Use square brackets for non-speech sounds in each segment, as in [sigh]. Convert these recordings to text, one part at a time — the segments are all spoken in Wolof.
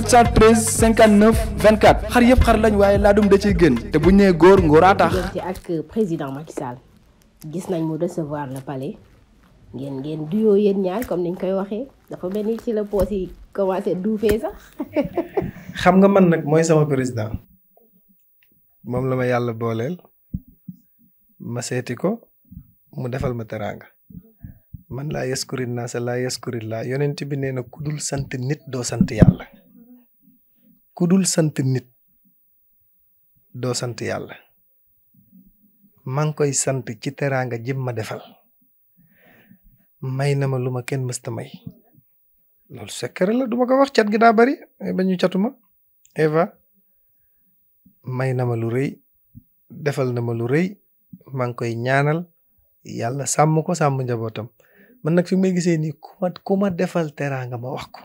413 59 24 xar yëpp xar lañ waaye laadum da ciy gën te bu nee góor ngóoraa tax. ci ak euh, président Macky gis nañ mu recevoir le palais ngeen ngeen duyoo yéen ñaar comme niñ koy waxee dafa mel ni ci la poos yi commencé [laughs] xam nga man nag mooy sama président moom la ma yàlla booleel ma seeti ko mu defal ma teraanga. man laa yaskurin naa sa laa yaskurin laa yonent bi nee na ku sant nit doo sant yàlla ku dul sant doo sant yàlla maa ngi koy sant ci teraanga jëm ma defal may na ma lu ma kenn mësta may loolu secret la du ma ko wax cat gi daa bari eh, ba ñu catuma Eva may na ma lu rëy defal na ma lu rëy maa ngi koy ñaanal yàlla sàmm ko sàmm njabootam man nag fi may gisee nii ku ma defal teraanga ma wax ko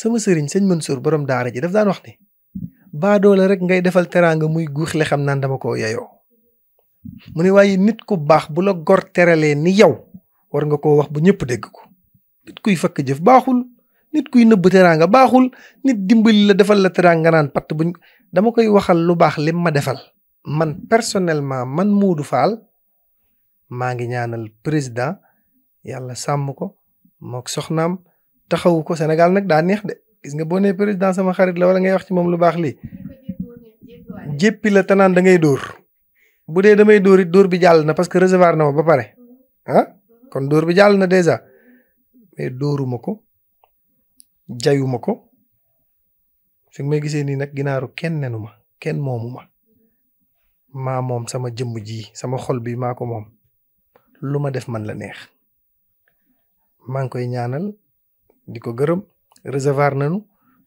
sama sëriñ sëñ sor borom daara ji daf daan wax ni baadoola rek ngay defal teraanga muy guuxle xam naan dama ko yeyoo mu ne waaye nit ku baax bu la gor teralee ni yow war nga ko wax bu ñëpp dégg ko nit kuy fakk jëf baaxul nit kuy nëbb teraanga baaxul nit dimbali la defal la teraanga naan patt buñ dama koy waxal lu baax lim ma defal man personnellement man Modou Fall maa ngi ñaanal président yàlla sàmm ko mook soxnaam taxawu ko Sénégal nag daa neex de gis nga boo nee président sama xarit la wala nga wax ci moom lu baax lii jéppi la tanaan dangay ngay dóor bu dee damay dóor it dóor bi jàll na parce que recevoir na ma ba pare ah kon dóor bi jaal na dèjà mais dóoruma ko jayuma ko fi may gisee nii nag ginaaru kenn nenu ma kenn moomu ma maa moom sama jëmm ji sama xol bi maako moom lu ma def man la neex maa ngi koy ñaanal di ko gërëm recevoir nañu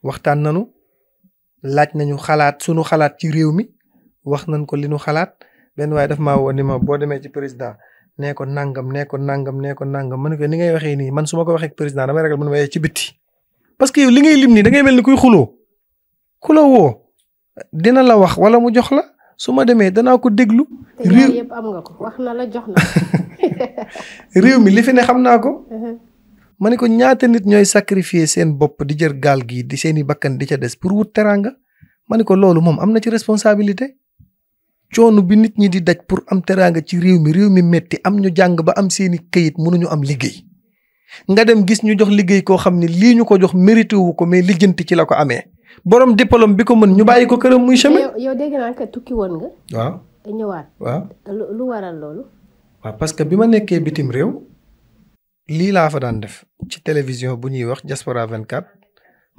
waxtaan nañu laaj nañu xalaat sunu xalaat ci réew mi wax nañ ko li nu xalaat benn waaye daf maa woo ni ma boo demee ci président nee nangam nee nangam nee ko nangam man ko ni ngay waxee nii man su ma ko waxee président damay ragal man ma yee eh, ci bitti. parce que yow li ngay lim nii dangay ngay mel ni kuy xuloo xuloo woo dina la wax wala mu jox la su ma demee danaa ko déglu. réew yëpp [laughs] mi li xam naa ko. [laughs] Uh-huh. ma ne ko ñaata nit ñooy sacrifier seen bopp di jër gaal gi di seeni bakkan di ca des pour wut teraanga ma ne ko loolu moom am na ci responsabilité coonu bi nit ñi di daj pour am teraanga ci réew mi réew mi metti am ñu jàng ba am seeni këyit mënuñu am liggéey nga dem gis ñu jox liggéey koo xam ni lii ñu ko jox mérité wu ko mais lijjanti ci la ko amee borom diplôme bi ko mën ñu bàyyi ko këram muy chemin. yow dégg naa ko tukki woon nga. loolu. waaw parce que bi ma nekkee bitim réew. lii laa fa daan def ci télévision bu ñuy wax Diaspora 24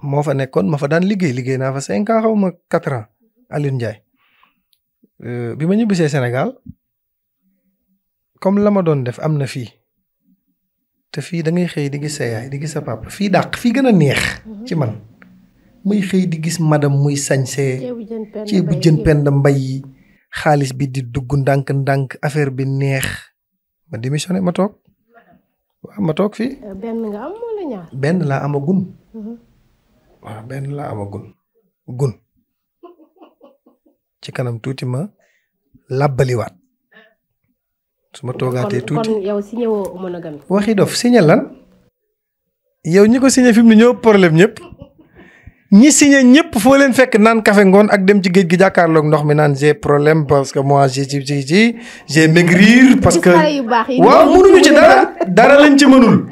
moo fa nekkoon ma fa daan liggéey liggéey naa fa cinq ans xaw ma quatre ans Alioune Ndiaye euh, bi ma ñibbisee Sénégal comme la ma doon def am na fii te fii dangay xëy di gis sa di gis sa papa fii dàq fii gën a neex ci man muy xëy di gis madam muy sañsee ceebu jën pend mbay yi xaalis bi di dugg ndànk-ndànk affaire bi neex ma démissionné ma toog waaw ma toog fii. benn nga am wala gun. waaw benn laa ama gun gun ci kanam tuuti ma làbbaliwaat su ma toogaatee tuuti kon yow dof signé lan yow ñi ko signé fi mu ne ñoo problème ñëpp. ñi signé ñëpp foo leen fekk naan kafe ngoon ak dem ci géej gi jàkkaarloog ndox mi naan j'ai problème parce que moi j'ai ci ci ci j'ai maigrir parce que waaw mënuñu ci dara dara lañ ci mënul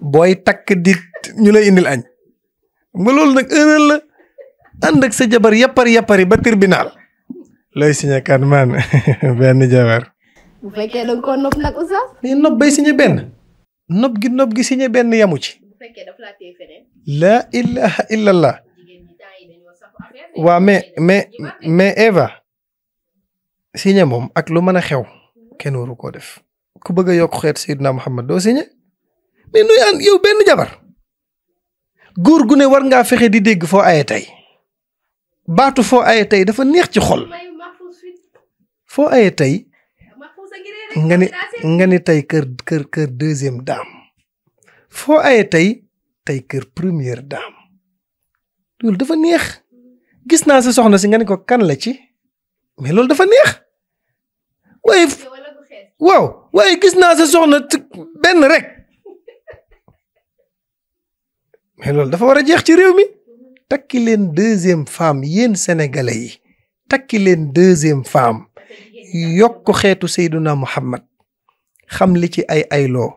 booy takk di ñu lay indil añ ma loolu nag erreur la ak sa jabar yappar yappari ba tribunal lay signé kan man [laughs] benn jabar bu fekkee da ko nopp nag oustaz mais nopp bay signé benn nopp gi nopp gi signé benn yamu ci bu la ilaha illallah waa mais mais mais Eva signé moom ak lu mën a xew kenn waru koo def ku bëgg a yokk xeet Seydina Muhammad doo signé mais nuy ànd yow benn jabar góor gu ne war ngaa fexe di dégg foo aye tay baatu foo aye tay dafa neex ci xol foo aye tay nga ni nga tey kër kër kër deuxième dame foo aye tay tey kër première dame loolu dafa neex gis naa si soxna si nga ne ko kan la ci mais loolu dafa neex waaye waaw waaye gis naa sa soxna benn rek mais loolu dafa war a jeex ci réew mi takki leen deuxième femme yéen sénégalais yi takki leen deuxième femme yokk xeetu Seyduna Muhammad xam li ci ay ayloo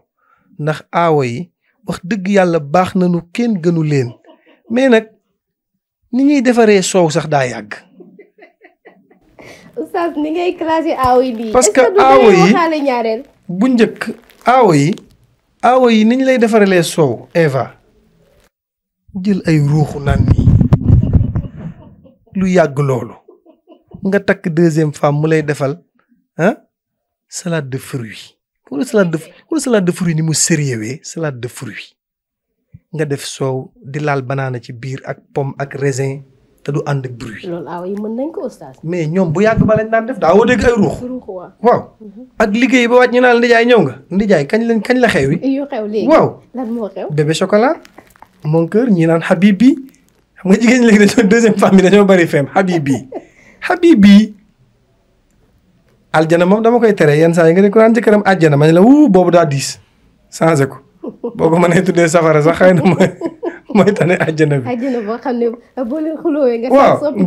ndax aawo yi wax dëgg yàlla baax nañu kenn gënu leen mais ni ñuy defaree soow sax daa yàgg. oustaz ni ngay aawo yi parce que aawo bu njëkk aawo yi. aawo yi ni ñu lay defarelee soow Eva. jël ay ruuxu naan nii lu yàgg loolu. nga takk deuxième femme mu lay defal ah salade de fruits. wala salade de wala salade de fruits ni mu sérieux salade de fruits. nga def soow di laal banaana ci biir ak pom ak raisin te du ànd ak bruit. mën nañ ko oustaz. mais ñoom bu yàgg ba lañ daan def daa woo dégg ay ruux. waaw. Mhm. ak liggéey ba wàcc ñu naan Ndijaay ñëw nga. Ndijaay kañ lañ kañ la xew yi. yu xew léegi waaw. lan moo xew. ñi naan Habib bi xam nga jigéen ñi léegi dañoo deuxième femme bi dañoo bëri femme Habib bi [laughs] Habib bi aljana dama koy tere yenn saa yi nga ne ko naan jëkkëram aljana ma ne la wuu boobu daa diis changé ko. boo ko mënee tuddee safara sax xëy na mooy [laughs] mooy tane àjjana bi. àjjana boo xam ne boo leen xulóowee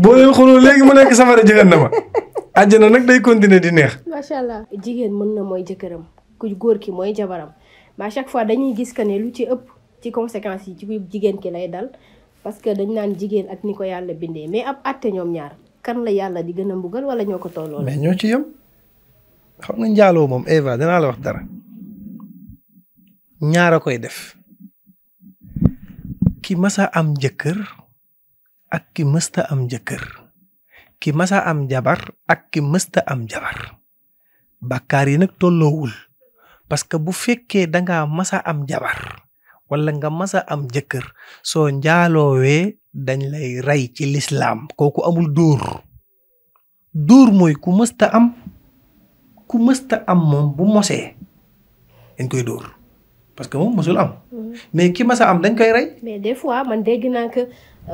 boo leen xulóo léegi mu nekk safara jëgan na ma. [laughs] àjjana nag day continuer di neex. macha allah jigéen mën na mooy jëkkëram ku góor ki mooy jabaram mais chaque fois dañuy gis que ne lu ci ëpp ci conséquences yi ci jigéen ki lay dal parce que dañ naan jigéen ak ni ko yàlla bindee mais ab àtte ñoom ñaar kan la yàlla di gën a mbugal wala ñoo ko tolloo. mais ñoo ci yem xam nga njaaloo moom Eva danaa la wax dara. ñaara koy def ki masa am jëkkër ak ki mësta am jëkkër ki masa am jabar ak ki mësta am jabar bàkkaar yi nag tolloowul parce que bu fekkee danga masa am jabar wala nga masa am jëkkër soo njaaloowee dañ lay rey ci lislaam kooku amul dóor dóor mooy ku mësta am ku mësta am moom bu mosee dañ koy door parce que moom mosul am. mais ki mas a am dañ koy rey. mais des fois man dégg naa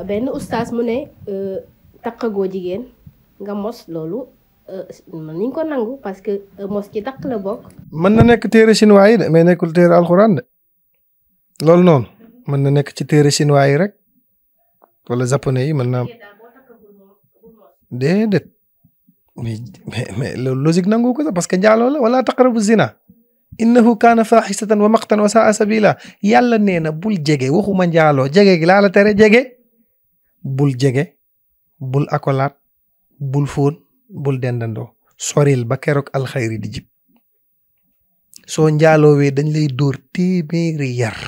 benn ustaas mu ne euh, takkagoo jigéen nga mos loolu euh, mën nañ ko nangu parce que euh, mos ci takk la bokk. mën na nekk téere chinois yi de mais nekkul téere alxuraan de loolu noonu mën na nekk ci téere chinois yi rek wala japonais yi mën na am déedéet mais mais loolu logique nangu ko sax parce que njaaloo la wala taqrabu zina. innahu kaana faaxisatan wa maqtan wa saa sabila yàlla nee na bul jege waxuma njaaloo jege gi laa la tere jege bul jege bul akolaat bul fóon bul dendandoo soril ba keroog alxayri di jib soo njaaloowee dañ lay dóor téeméeri yar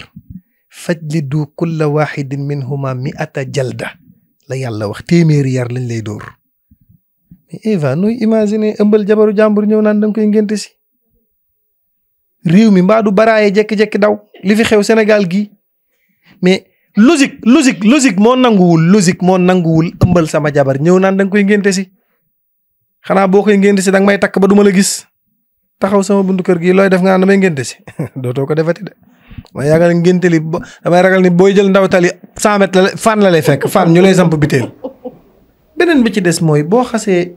faj li du kulla waxidin minhuma mi ata jalda la yàlla wax téeméeri yar lañ lay dóor mais Eva nooy imaginer ëmbal jabaru jàmbur ñëw naan danga koy ngénte si réew mi mbaa du baraaye jekki-jekki daw li fi xew Sénégal gi mais logique logique logique moo nanguwul logique moo nanguwul ëmbal sama jabar ñëw naan da nga koy ngénte si xanaa boo koy ngénte si da nga may takk ba duma la gis taxaw sama buntu kër gi looy def nga naan damay ngénte si [laughs] dootoo ko defati de ma yàggal ngénte li damay ragal ni booy jël ndaw tali cent mètres la fan la lay fekk fan ñu lay samp biteel beneen bi ci des mooy boo xasee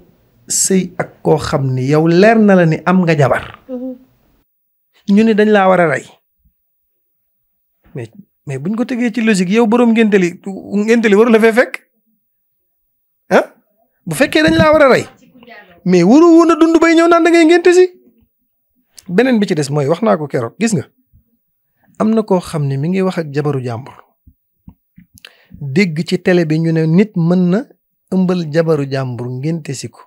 sëy ak koo xam ni yow leer na la ni am nga jabar mm-hmm. ñu ne dañ laa war a rey mais mais buñ ko tegee ci logique yow borom ngénte li ngénte li waru la fee fekk ah bu fekkee dañ laa war a rey mais waru woon a dund bay ñëw naan da ngay ngénte si beneen bi ci des mooy wax naa ko keroog gis nga am na koo xam ne mi ngi wax ak jabaru jàmbur dégg ci tele bi ñu ne nit mën na ëmbal jabaru jàmbur ngénte si ko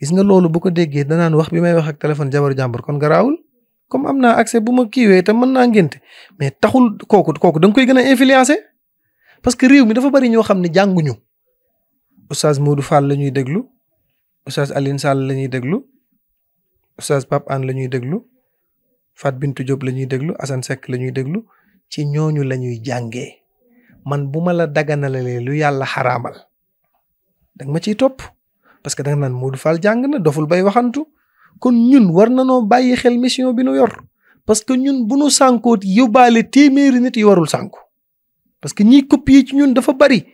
gis nga loolu bu ko déggee danaan wax bi may wax ak téléphone jabaru jàmbur kon garaawul comme am na accès bu ma kiiwee tam mën naa ngénte mais taxul kooku kooku da nga koy gën a influencer parce que réew mi dafa bari ñoo xam ne jànguñu oustaz Modou Fall la ñuy déglu oustaz Aline Sall lañuy ñuy déglu oustaz Pape Anne la ñuy déglu Fat Bintou Diop la ñuy déglu Assane la ñuy déglu ci ñooñu la ñuy jàngee man bu ma la daganalalee lu yàlla xaraamal danga ma ciy topp parce que danga naan Modou Fall jàng na doful bay waxantu kon ñun war nanoo bàyyi xel mission bi nu yor parce que ñun bu nu sànkoot yóbbaale téeméeri nit yi warul sànku parce que ñiy copier ci ñun dafa bari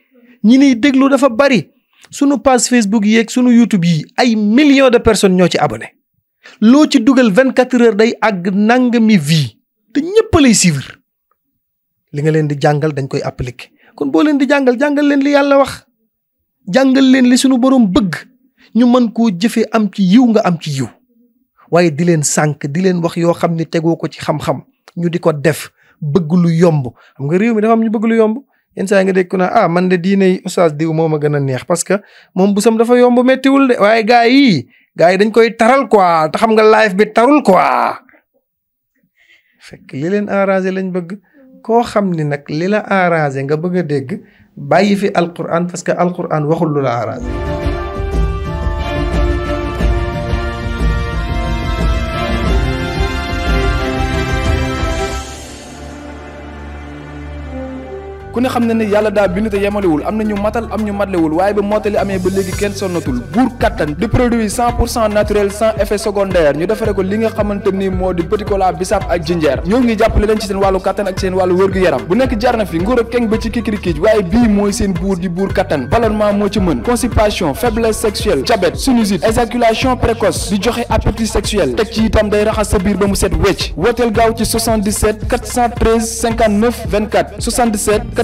ñi niy déglu dafa bari sunu page Facebook yeeg sunu YouTube yi ay millions de personnes ñoo ci abone loo ci dugal vingt quatre heures day àgg nangami vie te ñëpp lay suivre li nga leen di jàngal dañ koy appliquer kon boo leen di jàngal jàngal leen li yàlla wax jàngal leen li sunu borom bëgg ñu mën koo jëfee am ci yiw nga am ci yiw. waaye di leen sànq di leen wax yoo xam ne tegoo ko ci xam-xam ñu di ko def bëgg lu yomb xam nga réew mi dafa am ñu bëgg lu yomb yenn saa nga dégg ko na ah man de diine oustaz diw moo ma gën a neex parce que moom busam dafa yomb méttiwul de waaye gars yi gars yi dañ koy taral ko te xam nga live bi tarul quoi fekk li leen lañ bëgg koo xam ni nag li la arrangé nga bëgg a dégg bàyyi fi alquran parce que alquran waxul lu la arrangé ku ne xam na ne yàlla daa bind te yemalewul am na ñu matal am ñu matlewul waaye ba mottali amee ba léegi kenn sonnatul buur kattan di produit naturel sans effet secondaire ñu defare ko li nga xamante ni moo di petit cola bisaab ak jinjeer ñoo ngi jàppale leen ci seen wàllu kattan ak seen wàllu wërgu-yaram bu nekk jar na fi nguur ak keng ba ci kikirikiij waaye bii mooy seen buur di buur kattan ballonnement moo ci mën constipation faiblesse joxe appétit sexuel itam day raxas sa biir ba mu set wecc wooteel gaaw ci 77 413 59 24 77